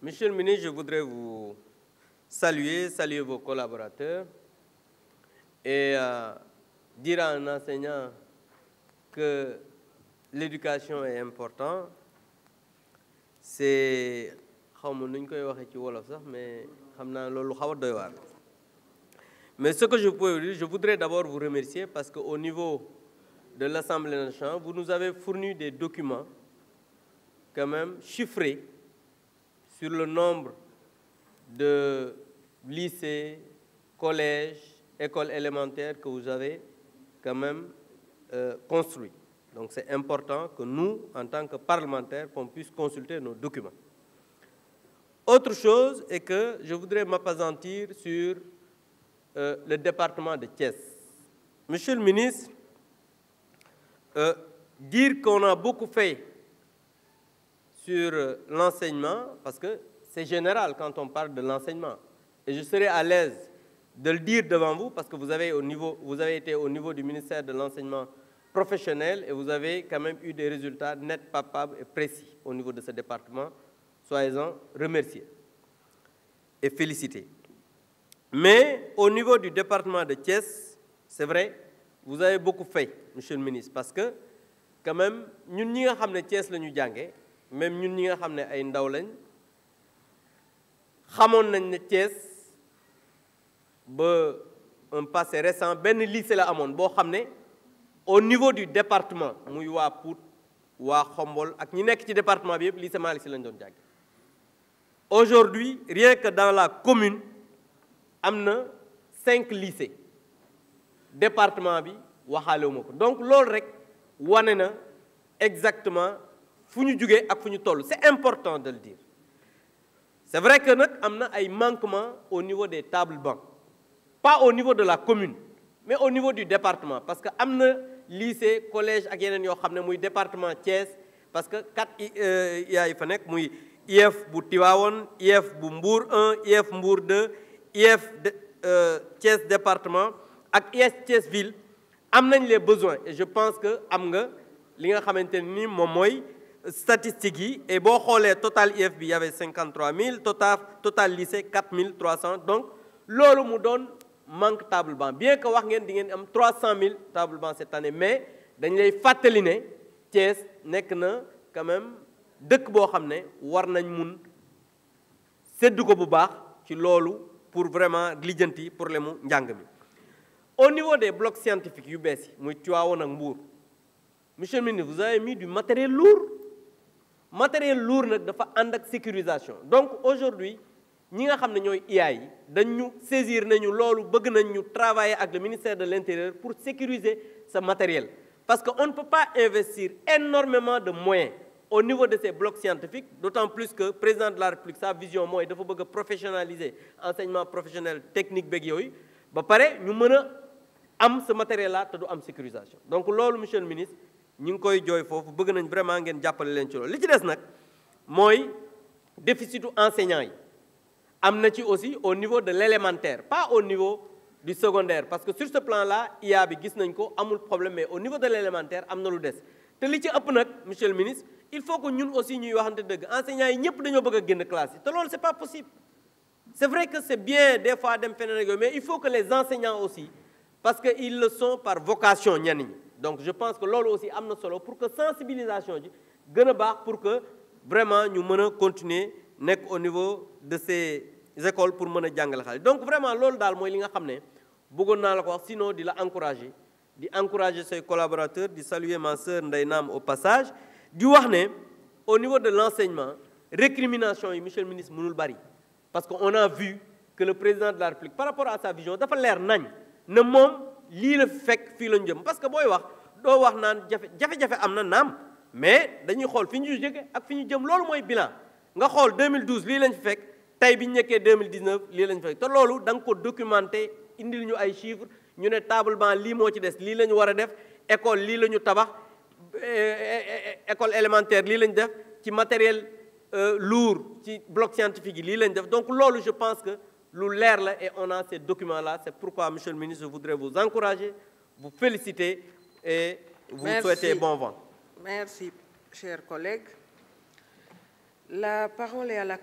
Monsieur le ministre, je voudrais vous saluer, saluer vos collaborateurs et euh, dire à un enseignant que l'éducation est importante. C'est mais ce que je peux vous dire, je voudrais d'abord vous remercier parce qu'au niveau de l'Assemblée nationale, vous nous avez fourni des documents quand même chiffrés sur le nombre de lycées, collèges, écoles élémentaires que vous avez quand même euh, construits. Donc c'est important que nous, en tant que parlementaires, qu'on puisse consulter nos documents. Autre chose est que je voudrais m'apesantir sur euh, le département de Thiès. Monsieur le ministre, euh, dire qu'on a beaucoup fait sur euh, l'enseignement, parce que c'est général quand on parle de l'enseignement. Et je serai à l'aise de le dire devant vous, parce que vous avez, au niveau, vous avez été au niveau du ministère de l'enseignement professionnel et vous avez quand même eu des résultats nets, papables et précis au niveau de ce département. Soyez-en remerciés et félicités. Mais au niveau du département de Thiès, c'est vrai, vous avez beaucoup fait, monsieur le ministre, parce que quand même, nous, ne savons que Thiès, même ñun ñi nga xam ay ndaw lañ xamoon nañ ne un passé récent lycée la au niveau du département muy waa Xombol ak ñi nekk ci département bi lycée aujourd'hui rien que dans la commune am na cinq lycées département bi waxaale donc loolu rek exactement toll c'est important de le dire c'est vrai que nous avons un manquement manquements au niveau des tables bancs pas au niveau de la commune mais au niveau du département parce que avons un lycée collège ak yeneen un département Thiès parce que il y euh, a fa nekk if IEF bu Tivaouane IEF bu Mbour 1 if Mbour 2 IEF euh, Thiès département ak IEF Thiès ville nous avons les besoins et je pense que am nga li nga ni statistiques yi et bo xolé total IFB il y avait 53 000 total total lycée 4 300 donc lolu mu donne manque table banc bien que wax ngeen di am 300 000 table banc cette année mais dañ lay fait Thies, Thiès na quand même deux bo xamné war nañ mun seddu ko bu baax ci lolu pour vraiment lijjanti problème les au niveau des blocs scientifiques yu bees yi muy monsieur le ministre vous avez mis du matériel lourd matériel lourd nak dafa de ak sécurisation donc aujourd'hui nous, nga xamné ñoy IAI saisir nañu lolu travailler avec le ministère de l'intérieur pour sécuriser ce matériel parce qu'on ne peut pas investir énormément de moyens au niveau de ces blocs scientifiques d'autant plus que le président de la République sa vision de dafa bëgg professionnaliser enseignement professionnel technique Pareil, nous ba pare ce matériel là te du sécurisation donc loolu monsieur le ministre nous ngi koy jooy foofu nañ vraiment ngeen jàppale leen ci loolu li ci des nag mooy déficitu enseignant yi am na ci aussi au niveau de l'élémentaire pas au niveau du secondaire parce que sur ce plan là il bi gis nañ ko amul problème mais au niveau de l'élémentaire am na lu des te li ci ëpp nag monsieur le ministre il faut que ñun aussi ñuy waxante dëgg enseignants yi ñëpp dañoo bëgg a génn classe yi te c'est pas possible c'est vrai que c'est bien des fois dem feneen mais il faut que les enseignants aussi parce qu'ils le sont par vocation ñenn ñi donc je pense que c'est aussi amna solo pour que sensibilisation ji gëna pour que vraiment ñu mëna continuer nek au niveau de ces écoles pour mëna a xal donc vraiment c'est dal moy li nga xamné bëggon na wax sinon di la encourager di encourager collaborateurs di saluer ma sœur Ndeye au passage di wax né au niveau de l'enseignement récrimination yi monsieur le ministre mënul bari parce qu'on a vu que le président de la République par rapport à sa vision dafa lèr nañ ne mom li le fek fi lañ jëm parce que boy wax do wax naan jafé jafé jafe am na mais dañuy xol fi ñu jóge ak fi ñu jëm loolu mooy bilan nga xol 2012 li lañ fek tay bi 2019 li lañ fek té loolu da ko documenté indil ñu ay chiffres ñu né table banc lii ci des li la wara def école li lañu tabax école élémentaire li la def ci matériel euh, lourd ci bloc scientifique li lii def donc loolu je pense que l'air et on a ces documents-là. C'est pourquoi, monsieur le ministre, je voudrais vous encourager, vous féliciter et vous souhaiter bon vent. Merci, chers collègues. La parole est à la...